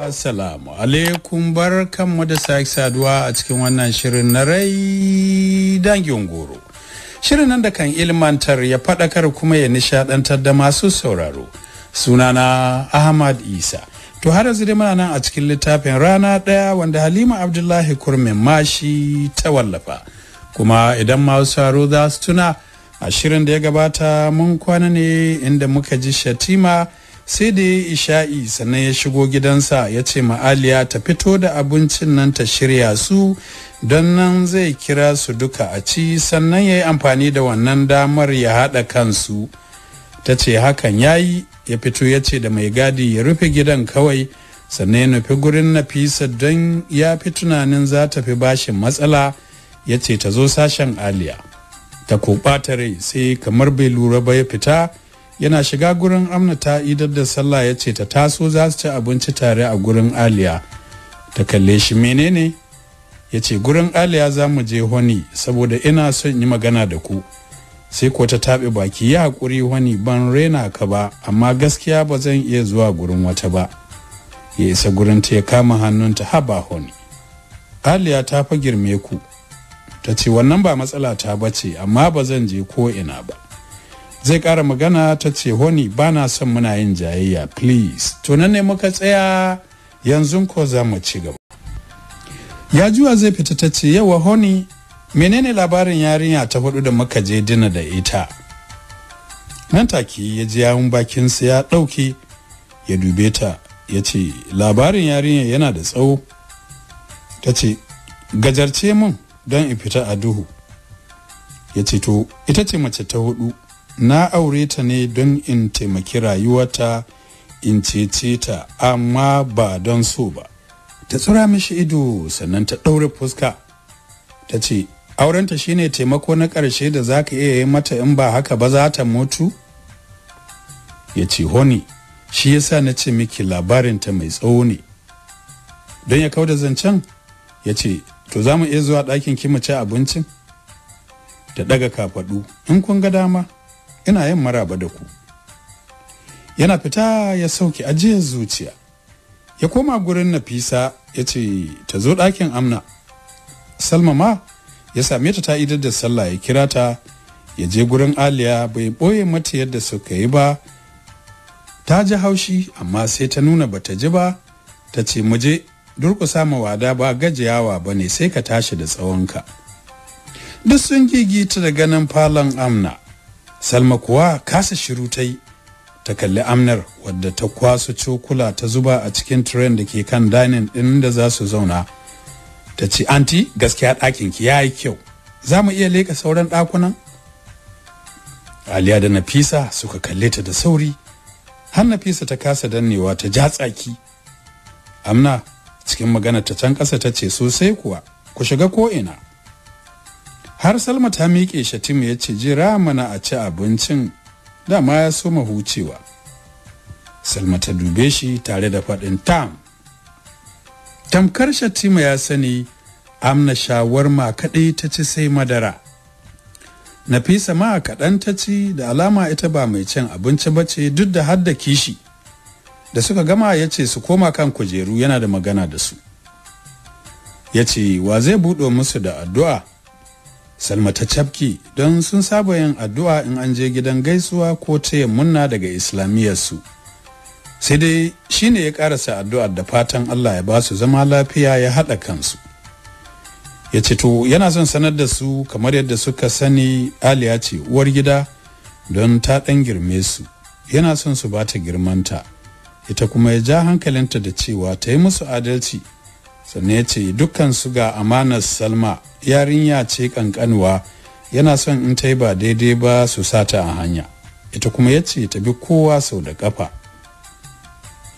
Assalamu alaikum bar kanmu da sake saduwa a cikin wannan shirin na rai dangin goro. Shirin nan da kan ilmantar ya faɗakar kuma ya nishaɗantar da masu sauraro. Sunana Ahmad Isa. To har yanzu dai muna nan a cikin littafin rana ɗaya wanda Halima Abdullahi Kurmin Mashi ta wallafa. Kuma idan masu sauraro za su tuna a shirin da ya gabata mun kwana ne inda muka ji shatima sai da ya yi isha'i sannan ya shigo gidansa ya ce ma'aliya ta fito da abincin nan ta shirya su don nan zai kira su duka a ci sannan ya yi amfani da wannan damar ya haɗa kansu ta ce hakan ya yi ya fito ya ce da mai gadi ya rufe gidan kawai sannan ya nufi gurin na fisa don ya fi tunanin za ta fi bashin matsala ya ce ta zo sashen aliya ta ta rai sai kamar bai lura ba ya fita yana shiga gurin amna ta idar da sallah ya ce ta taso za su ci abinci tare a gurin aliya ta kalle shi menene ya ce gurin aliya za mu je honi saboda ina son yi magana da ku sai ko ta taɓe baki ya haƙuri honi ban rena ka ba amma gaskiya ba zan iya zuwa gurin wata ba ya isa gurin ta ya kama hannunta haba honi aliya ta fa girme ku ta ce wannan ba matsala ta bace amma ba zan je ko ina ba zai ƙara magana ta ce honi ba na son muna yin jayayya please tunan ne muka tsaya yanzu ko za mu ci gaba ya juwa zai fita ta ce yawa honi menene labarin yarinya ta hudu da muka je dina da ita nan take ya ji yawun bakinsa ya ɗauke ya dube ta ya ce labarin yarinya yana da tsawo ta ce gajarce mun don in fita a duhu ya ce to ita ce mace ta hudu na aure ta ne don in taimaki rayuwata in cece ta amma ba don so ba ta tsura mishi ido sannan ta ɗaure fuska ta ce aurenta shine taimako na ƙarshe da za ka iya yi mata in ba haka ba za ta mutu ya ce honi shi yasa na ce miki labarinta mai tsawo ne don ya da zancen ya ce to za mu iya zuwa ɗakin ki mu abincin Ta ɗaga kafaɗu in kun ga dama ina yin maraba da ku yana fita ya sauke ajiyar zuciya ya koma gurin nafisa ya ce ta zo ɗakin amna salma ma ya same ta ta idar da sallah ya kira ta ya je gurin aliya bai ɓoye mata yadda suka yi ba ta ji haushi amma sai ta nuna bata ji ba ta ce muje durkusa ma wada ba gajiyawa ba ne sai ka tashi da tsawonka duk sun gigita da ganin falon amna salma kuwa kasa shiru ta yi ta kalli amnar wadda ta kwaso cokula ta zuba a cikin tren da ke kan dining ɗin da za su zauna ta ce anti gaskiya ɗakin ki ya yi kyau za mu iya leƙa sauran ɗakunan aliya da nafisa suka kalle ta da sauri har nafisa ta kasa dannewa ta ja tsaki amna cikin magana ta can ƙasa ta ce sosai kuwa ku shiga ko'ina. har salma ta miƙe shatima ya ce jira mana a ci abincin dama ya so hucewa salma ta dube shi tare da faɗin tam tamkar shatima ya sani amna shawarma kaɗai ta ci sai madara nafisa ma kaɗan ta ci da alama ita ba mai cin abinci ba ce duk da hadda kishi da suka gama ya ce su koma kan kujeru yana da magana da su ya ce wa zai buɗo musu da addu'a Salma ta cafki don sun saba yin addu'a in an je gidan gaisuwa ko taya munna daga islamiyarsu Sai dai shi ne ya karasa addu'ar da fatan Allah ya ba su zama lafiya ya haɗa kansu. Ya ce to yana son sanar da su kamar yadda suka sani Aliya ce uwar gida don ta ɗan girme su. Yana son su ba ta girmanta. Ita kuma ya ja hankalinta da cewa ta yi musu adalci. sannan ya ce dukkan su ga amanar salma yarinya ce kankanuwa yana son in ta yi ba daidai ba su sata a hanya ita kuma ya ce ta bi kowa sau da kafa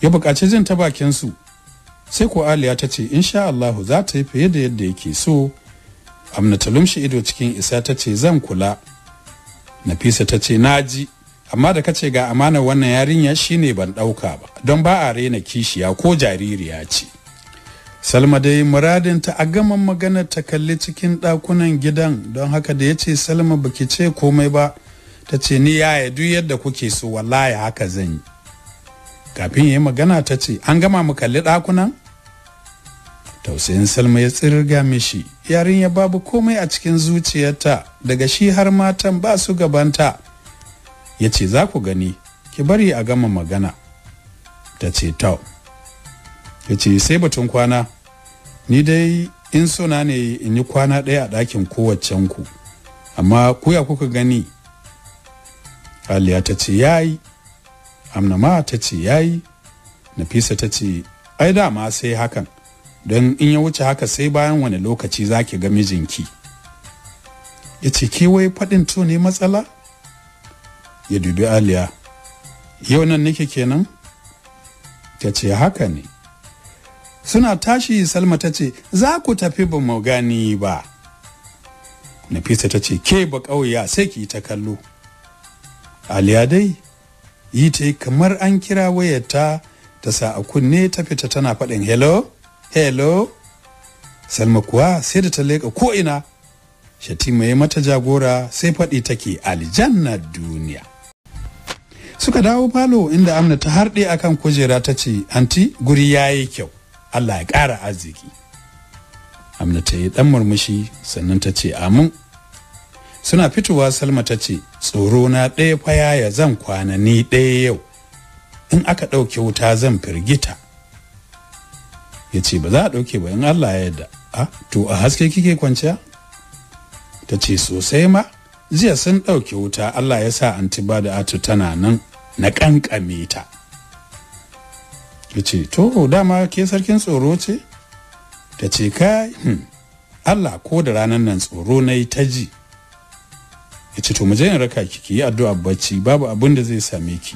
ya buƙaci jin ta bakin su sai ko aliya ta ce insha Allahu za ta yi fiye da yadda yake so amna ta lumshi ido cikin isa ta ce zan kula nafisa ta ce naji amma da ka ce ga amanar wannan yarinya shine ban ɗauka ba don ba a rena kishiya ko jaririya ce salma dai muradin ta a gama magana ta kalli cikin ɗakunan gidan don haka da ya ce salma baki ce komai ba ta ce ni yaya duk yadda kuke so wallahi haka zan yi kafin ya yi magana ta ce an gama mu kalli ɗakunan tausayin salma ya tsirga mishi yarin ya babu komai a cikin zuciyarta daga shi har matan ba su gabanta ya ce za ku gani ki bari a gama magana ta ce tau ya ce sai batun kwana ni dai in suna ne in yi kwana ɗaya a ɗakin kowaccen ku amma kuya kuka gani aliya ta ce ya yayi amnama ta ce ya yi. nafisa ta ce ai dama sai hakan don in ya wuce haka sai bayan wani lokaci za ki ga mijinki ya ce kewaye faɗin to ne matsala ya dubi aliya yau nan nake kenan ta ce haka ne suna tashi salma ta ce za ku tafi ba mu gani ba nafisa ta ce ke ba ƙauya sai ki ta kallo aliya dai yi ta yi kamar an kira wayarta ta sa a kunne ta fita tana faɗin hello hello salma kuwa sai da ta leƙa ko'ina shatima ya mata jagora sai faɗi take aljanna duniya suka dawo falo inda amna ta harɗe akan kujera ta ce anti guri yayi kyau Allah ya ƙara arziki amna ta yi ɗan murmushi sannan ta ce amin suna fitowa salma ta ce tsoro na ɗaya faya ya zan kwana ni ɗaya yau in aka ɗauke wuta zan firgita ya ce ba za a ɗauke ba in Allah ya yarda a to a haske kike kwanciya ta ce sosai ma jiya sun ɗauke wuta Allah ya sa antibiotic tana nan na ƙanƙame ta ya ce to dama ke sarkin tsoro ce ta ce kai hmm. allah ko da ranar nan tsoro na yi ta ji ya ce to mu je raka ki ki yi addu'a bacci babu abin da zai same ki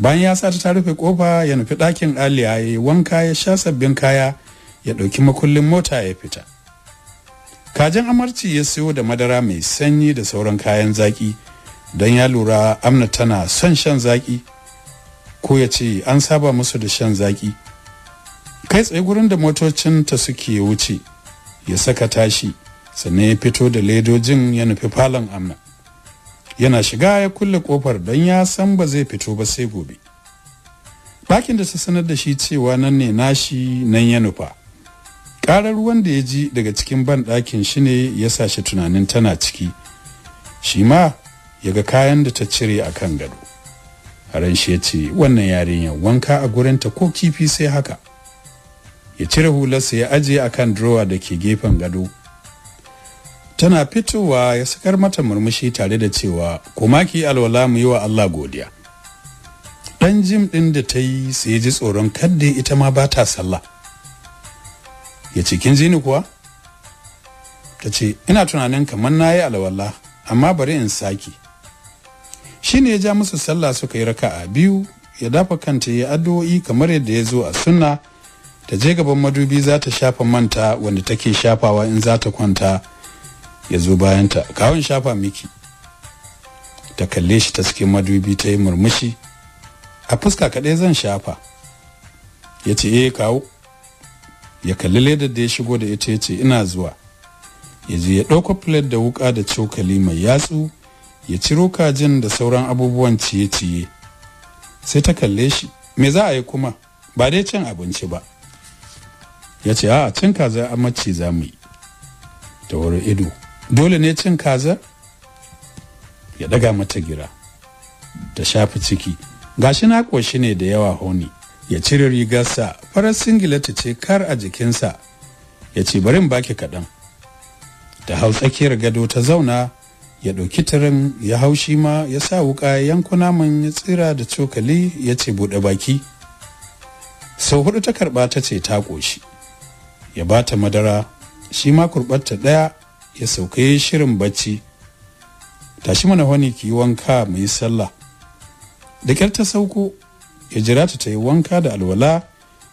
bayan ya sata ta rufe kofa ya nufi ɗakin aliya ya wanka ya sha sabbin kaya ya ɗauki makullin mota ya fita kajin amarci ya siyo da madara mai sanyi da sauran kayan zaƙi don ya lura amna tana son shan zaƙi ko ya ce an saba musu da shan zaki kai tsaye gurin da motocin ta suke wuce ya saka tashi sannan ya fito da ledojin ya nufi falon amna yana shiga ya kulle kofar don ya san ba zai fito ba sai gobe ɗakin da ta sanar da shi cewa nan ne nashi nan ya nufa ƙarar ruwan da ya ji daga cikin ban ɗakin shi ne ya sa shi tunanin tana ciki shi ma ya ga kayan da ta cire a kan gado ran shi ya ce wannan yarinyar wanka a gurinta ko kifi sai haka ya cire hularsa ya ajiye akan drawer da ke gefen gado tana fitowa ya sakar mata murmushi tare da cewa kuma ki alwala mu yi wa Allah godiya dan jim din da ta yi sai ji tsoron kadda ita ma ba ta sallah ya ce kin ji kuwa ta ce ina tunanin kamar na yi alwala amma bari in sake Shi ne ya ja musu sallah suka yi raka a biyu ya dafa kanta ya addu'o'i kamar yadda ya zo a sunna ta je gaban madubi za ta shafa manta wanda take shafawa in za ta kwanta ya zo bayanta kawun shafa miki ta kalle shi ta cikin madubi ta yi murmushi a fuska kaɗai zan shafa ya ce eh kawo ya kalli ledar da ya shigo da ita ya ce ina zuwa ya je ya ɗauko filet da wuka da cokali mai yatsu ya ciro kajin da sauran abubuwan ciye-ciye sai ta kalle shi me za a yi kuma ba dai cin abinci ba ya ce a cin kaza amacci za mu yi ta wuri ido dole ne cin kaza ya daga mata gira ta shafi ciki gashi na ƙoshi ne da yawa honi ya cire rigarsa farar singileta ce kar a jikinsa ya ce barin baki kaɗan ta hau tsakiyar gado ta zauna ya ɗauki tirin ya hau shi ma ya sa wuƙa yankuna min ya tsira da cokali ya ce buɗe baki sau hudu ta karɓa ta ce ta ƙoshi ya ba ta madara shi ma kurɓarta ɗaya ya saukaye shirin bacci tashi mana wani ki wanka mai yi sallah da ƙyar ta sauko ya jira ta ta yi wanka da alwala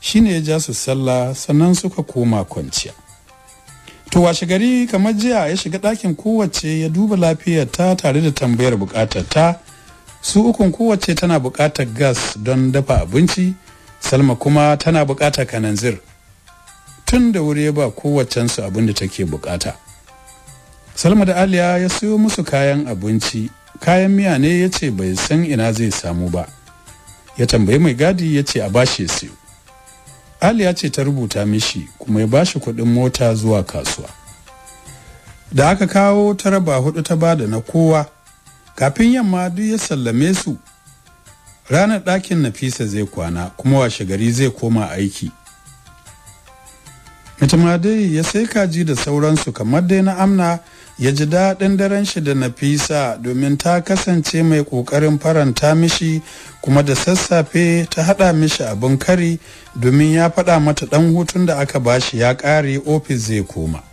shine ya ja su sallah sannan suka koma kwanciya to washe gari kamar jiya ya shiga ɗakin kowace ya duba ta tare da tambayar buƙatar ta su ukun kowace tana buƙatar gas don dafa abinci salma kuma tana buƙatar kananzir tun da wuri ya ba kowacensu abin da take buƙata salma da aliya ya siyo musu kayan abinci kayan miya ne ya ce bai san ina zai samu ba ya tambayi mai gadi ya ce a bashi siyo ya ce ta rubuta mishi kuma ya bashi kuɗin mota zuwa kasuwa da aka kawo ta raba hudu ta bada na kowa kafin yamma duk ya sallame su ranar ɗakin nafisa zai kwana kuma washe gari zai koma aiki ita ma dai ya sai kaji da sauransu kamar dai na amna ya ji daɗin daren shi da nafisa domin ta kasance mai ƙoƙarin faranta mishi kuma da sassafe ta haɗa mishi abin kari domin ya faɗa mata ɗan hutun da aka bashi ya ƙare ofis zai koma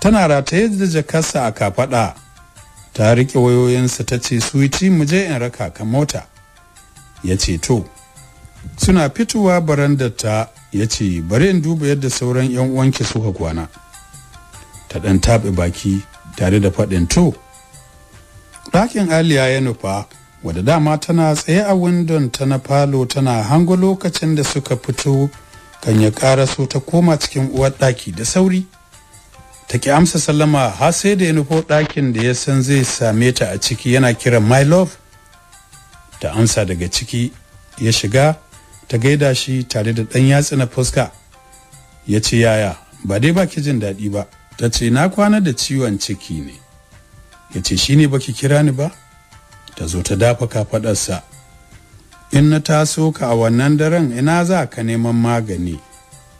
tana rataye da jakarsa a kafaɗa ta riƙe wayoyinsa ta ce suwici mu je in raka ka mota ya ce to suna fitowa barandar ta ya ce bari in duba yadda sauran 'yan uwanki suka kwana ta ɗan taɓe baki tare da faɗin to ɗakin aliya ya nufa wadda dama tana tsaye a windon ta na falo tana hango lokacin da suka fito kan ya ƙara so ta koma cikin uwar ɗaki da sauri ta ki amsa sallama har sai da ya nufo ɗakin da ya san zai same ta a ciki yana kiran my love ta amsa daga ciki ya shiga ta gaida shi tare da ɗan yatsa na fuska ya ce yaya ba dai ba ki jin daɗi ba ta ce na kwana da ciwon ciki ne ya ce shi ne baki kira ni ba ta zo ta dafa kafaɗarsa in na taso ka a wannan daren ina za ka neman magani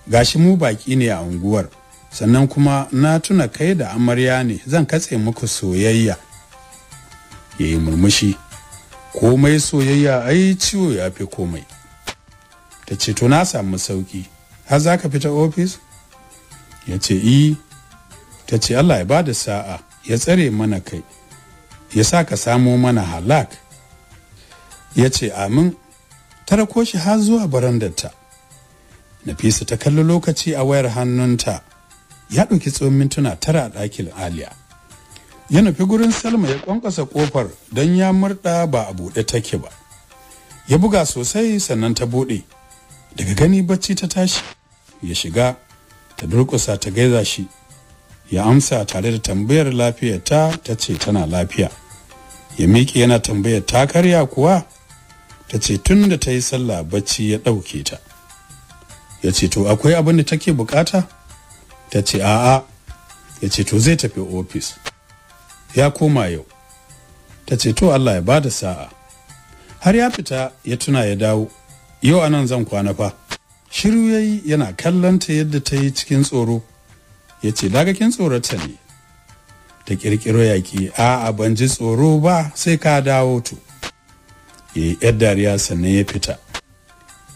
gashi mu baƙi ne a unguwar sannan kuma na tuna kai da amarya ne zan katse muku soyayya ya yi murmushi komai soyayya ai ciwo ya fi komai ta ce to na samu sauki har za ka fita ofis ya ce i e. ta ce allah ya ba da sa'a ya tsare mana kai ya sa ka samo mana halak ya ce amin ta shi har zuwa barandarta nafisa ta kalli lokaci a wayar hannunta ya ɗauki tsawon mintuna tara a ɗakin aliya ya nufi gurin salma ya ƙwanƙasa ƙofar don ya murɗa ba a buɗe take ba ya buga sosai sannan ta buɗe daga gani bacci ta tashi ya shiga ta durƙusa ta gaiza shi ya amsa tare da tambayar lafiyar ta ta ce tana lafiya ya miƙe yana tambayar ta karya kuwa ta ce tun da ta yi sallah bacci ya ɗauke ta ya ce to akwai abin da take bukata ta ce a'a ya ce to zai tafi ofis ya koma yau ta ce to allah ya bada sa'a har ya fita ya tuna ya dawo yau anan zan kwana fa shiru yayi yana kallanta yadda ta yi cikin tsoro ya ce daga kin tsorata ne ta kirkiro yaƙi a ban ji tsoro ba sai ka dawo to ya yi yar dariya sannan ya fita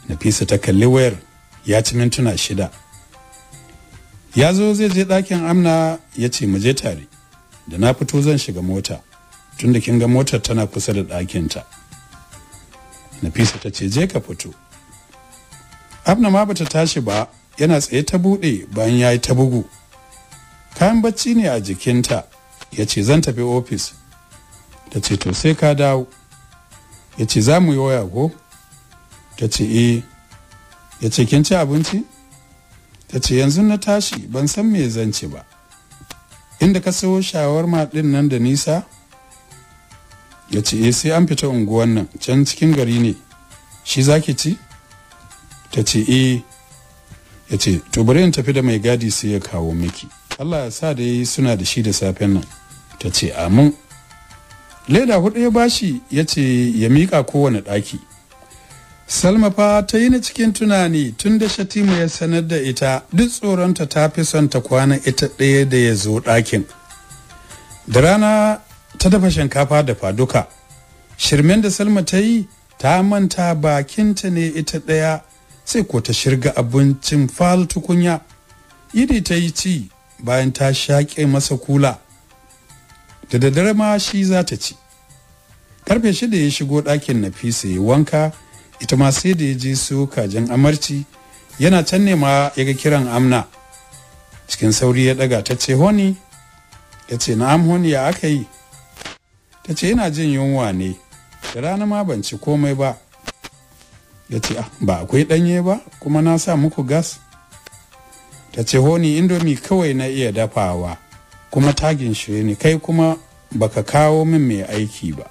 nafisa ta kalli wayar ya ci mintuna shida ya zo zai je ɗakin amna ya ce mu je tare da na fito zan shiga mota tunda kin ga motar tana kusa da ɗakinta nafisa ta ce je ka fito abna ma bata tashi ba yana tsaye ta buɗe bayan ya yi ta bugu kayan bacci ne a jikinta ya ce zan tafi ofis ta ce to sai ka dawo ya ce za mu yi waya ko ta ce eh ya ce kin ci abinci ta ce yanzu na tashi ban san me zan ci ba inda ka sayo shawarma ɗin nan da nisa ya ce eh, sai an fita unguwan nan can cikin gari ne shi zaki ci ta ce eh ya ce to bari in tafi da mai gadi sai ya kawo miki Allah ya sa da yi suna da shi da safen nan ta ce amin leda hudu ya bashi ya ce ya miƙa kowane ɗaki salma fa ta yi na cikin tunani tun da shatima ya sanar da ita duk tsoronta ta fi son ta kwana ita ɗaya da ya zo ɗakin da rana ta dafa shinkafa da faduka shirmen da salma ta yi ta manta bakinta ne ita ɗaya sai ko ta shirga abincin fal tukunya idi ta yi ci bayan ta shaƙe masa kula da daddare ma shi za ta ci karfe shida ya shigo ɗakin na nafisa ya wanka ita ma sai da ya je su kajin amarci yana can ne ma ya ga kiran amna cikin sauri ya ɗaga ta ce honi ya ce na'am honi ya aka yi ta ce yana jin yunwa ne da rana ma ban ci komai ba ya ce ah, ba akwai danye ba kuma na sa muku gas ta ce honi indomi kawai na iya dafawa kuma tagin shi ne kai kuma baka kawo min mai aiki ba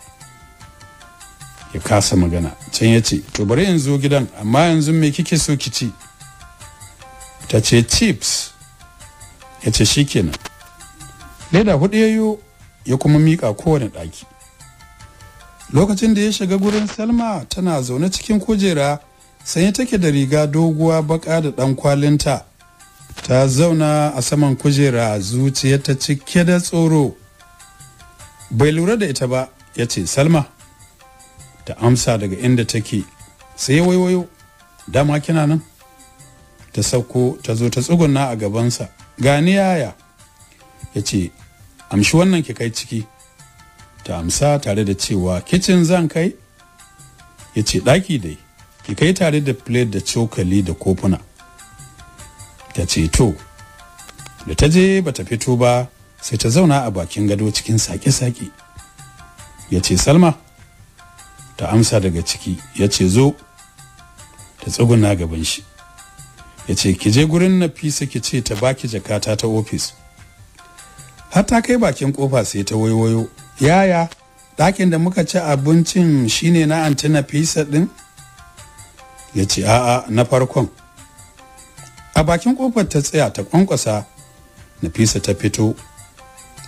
ya kasa magana can ya ce to bari in zo gidan amma yanzu me kike so ki ci ta ce chips ya ce shikenan leda hudu yayo ya kuma mika kowane ɗaki lokacin da ya shiga gurin salma tana zaune cikin kujera sanye take da riga doguwa baka da ɗan kwalinta ta zauna a saman kujera zuciyarta cike da tsoro bai lura da ita ba ya ce salma ta amsa daga inda take sai waiwayo dama kina nan ta sauko ta zo ta tsuguna a gabansa gani yaya ya ce amshi wannan ki kai ciki ta amsa tare da cewa kicin zan kai ya ce ɗaki dai ki kai tare da plate da cokali da kofuna ta ce to da ta je ba ta fito ba sai ta zauna a bakin gado cikin sake-sake ya ce salma ta amsa daga ciki ya ce zo ta tsuguna gaban shi ya ce ki je gurin nafisa ki ce ta baki jakata ta ofis har ta kai bakin kofa sai ta waiwayo yaya ɗakin da muka ci abincin shine na antina fisa ɗin ya ce a'a na farkon a bakin kofar ta tsaya ta kwankwasa nafisa ta fito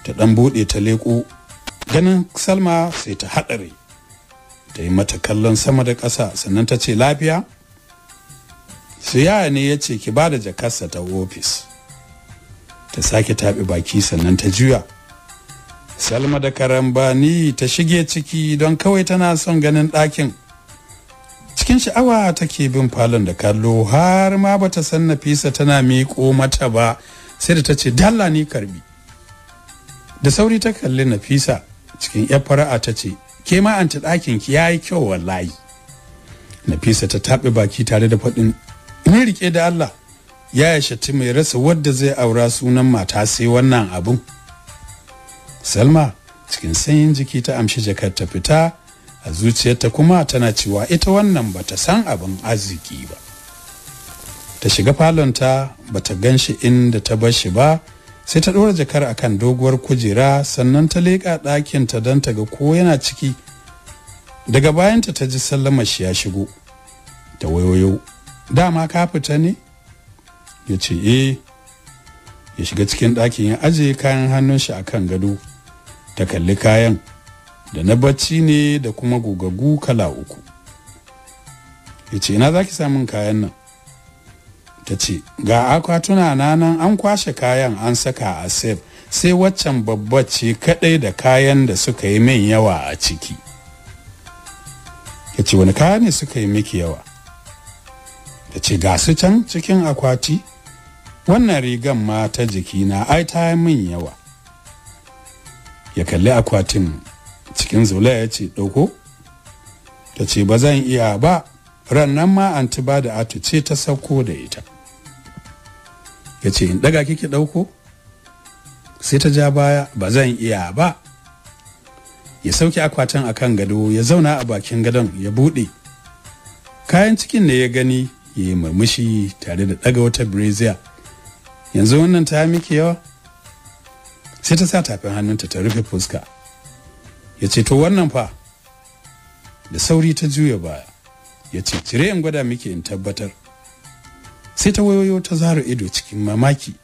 ta ɗan buɗe ta leƙo ganin salma sai ta haɗare ta yi mata kallon sama da ƙasa sannan ta ce lafiya su yaya ne ya ce ki bada jakarsa ta ofis ta sake taɓe baki sannan ta juya salma da karambani ta shige ciki don kawai tana son ganin ɗakin cikin sha'awa take bin falon da kallo har ma bata san nafisa tana miƙo mata ba sai da ta ce dalla ni karbi da sauri ta kalli nafisa cikin yar fara'a ta ce ke ma an ta ɗakin ki yayi kyau wallahi nafisa ta taɓi baki tare da faɗin ni rike da allah ya yashati mai rasa wadda zai aura sunan mata sai wannan abun salma cikin sanyin jiki ta amshi jakar ta fita a zuciyarta kuma tana cewa ita wannan bata san abin arziki ba ta shiga falonta bata gan shi inda ta bar shi ba sai ta ɗora jakar akan doguwar kujera sannan ta leƙa ɗakinta don ta ga ko yana ciki daga bayanta ta ji sallama shi ya shigo ta wayoyo dama ka fita ne ya ce e ya shiga cikin ɗakin ya ajiye kayan hannun shi a kan gado ta kalli kayan da na bacci ne da kuma gogagu kala uku ya ce ina za ki samun kayan nan ta ce ga akwatuna na nan an kwashe kayan an saka a sef sai waccan babba ce kadai da kayan da suka yi min yawa a ciki ya ce wani kaya ne suka yi miki yawa ta ce ga su can cikin akwati wannan rigan ma ta jikina ai ta min yawa ya kalli akwatin cikin zula ya ce ɗauko ta ce ba zan iya ba rannan ma anti ba da atu ce ta sauko da ita ya ce in ɗaga kike ɗauko sai ta ja baya ba zan iya ba ya sauke akwatin a kan gado ya zauna a bakin gadon ya buɗe kayan cikin da ya gani ya yi murmushi tare da ɗaga wata brazier yanzu wannan ta miki yawa sai ta sa tafin hannunta ta rufe fuska ya ce to wannan fa da sauri ta juya baya ya ce cire in gwada miki in tabbatar sai ta wayoyo ta zaro ido cikin mamaki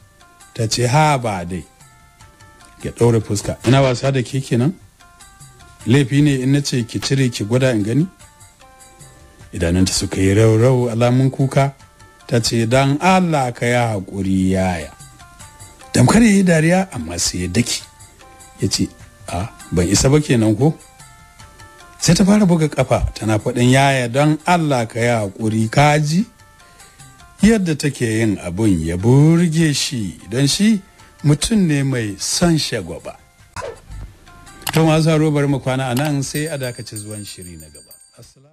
ta ce ha ba dai ya ɗaure fuska ina wasa da ke kenan laifi ne in na ce ki cire ki gwada in gani idanunta suka yi rau-rau alamun kuka ta ce don allah ka ya haƙuri yaya damkar ya yi dariya amma sai ya daki ya ce a ban isa ba kenan ko sai ta fara buga ƙafa. tana faɗin yaya don allah ka ya haƙuri kaji yadda take yin abun ya burge shi don shi mutum ne mai son shagwaba to masu haro bari mu kwana a nan sai a dakaci zuwan shiri na gaba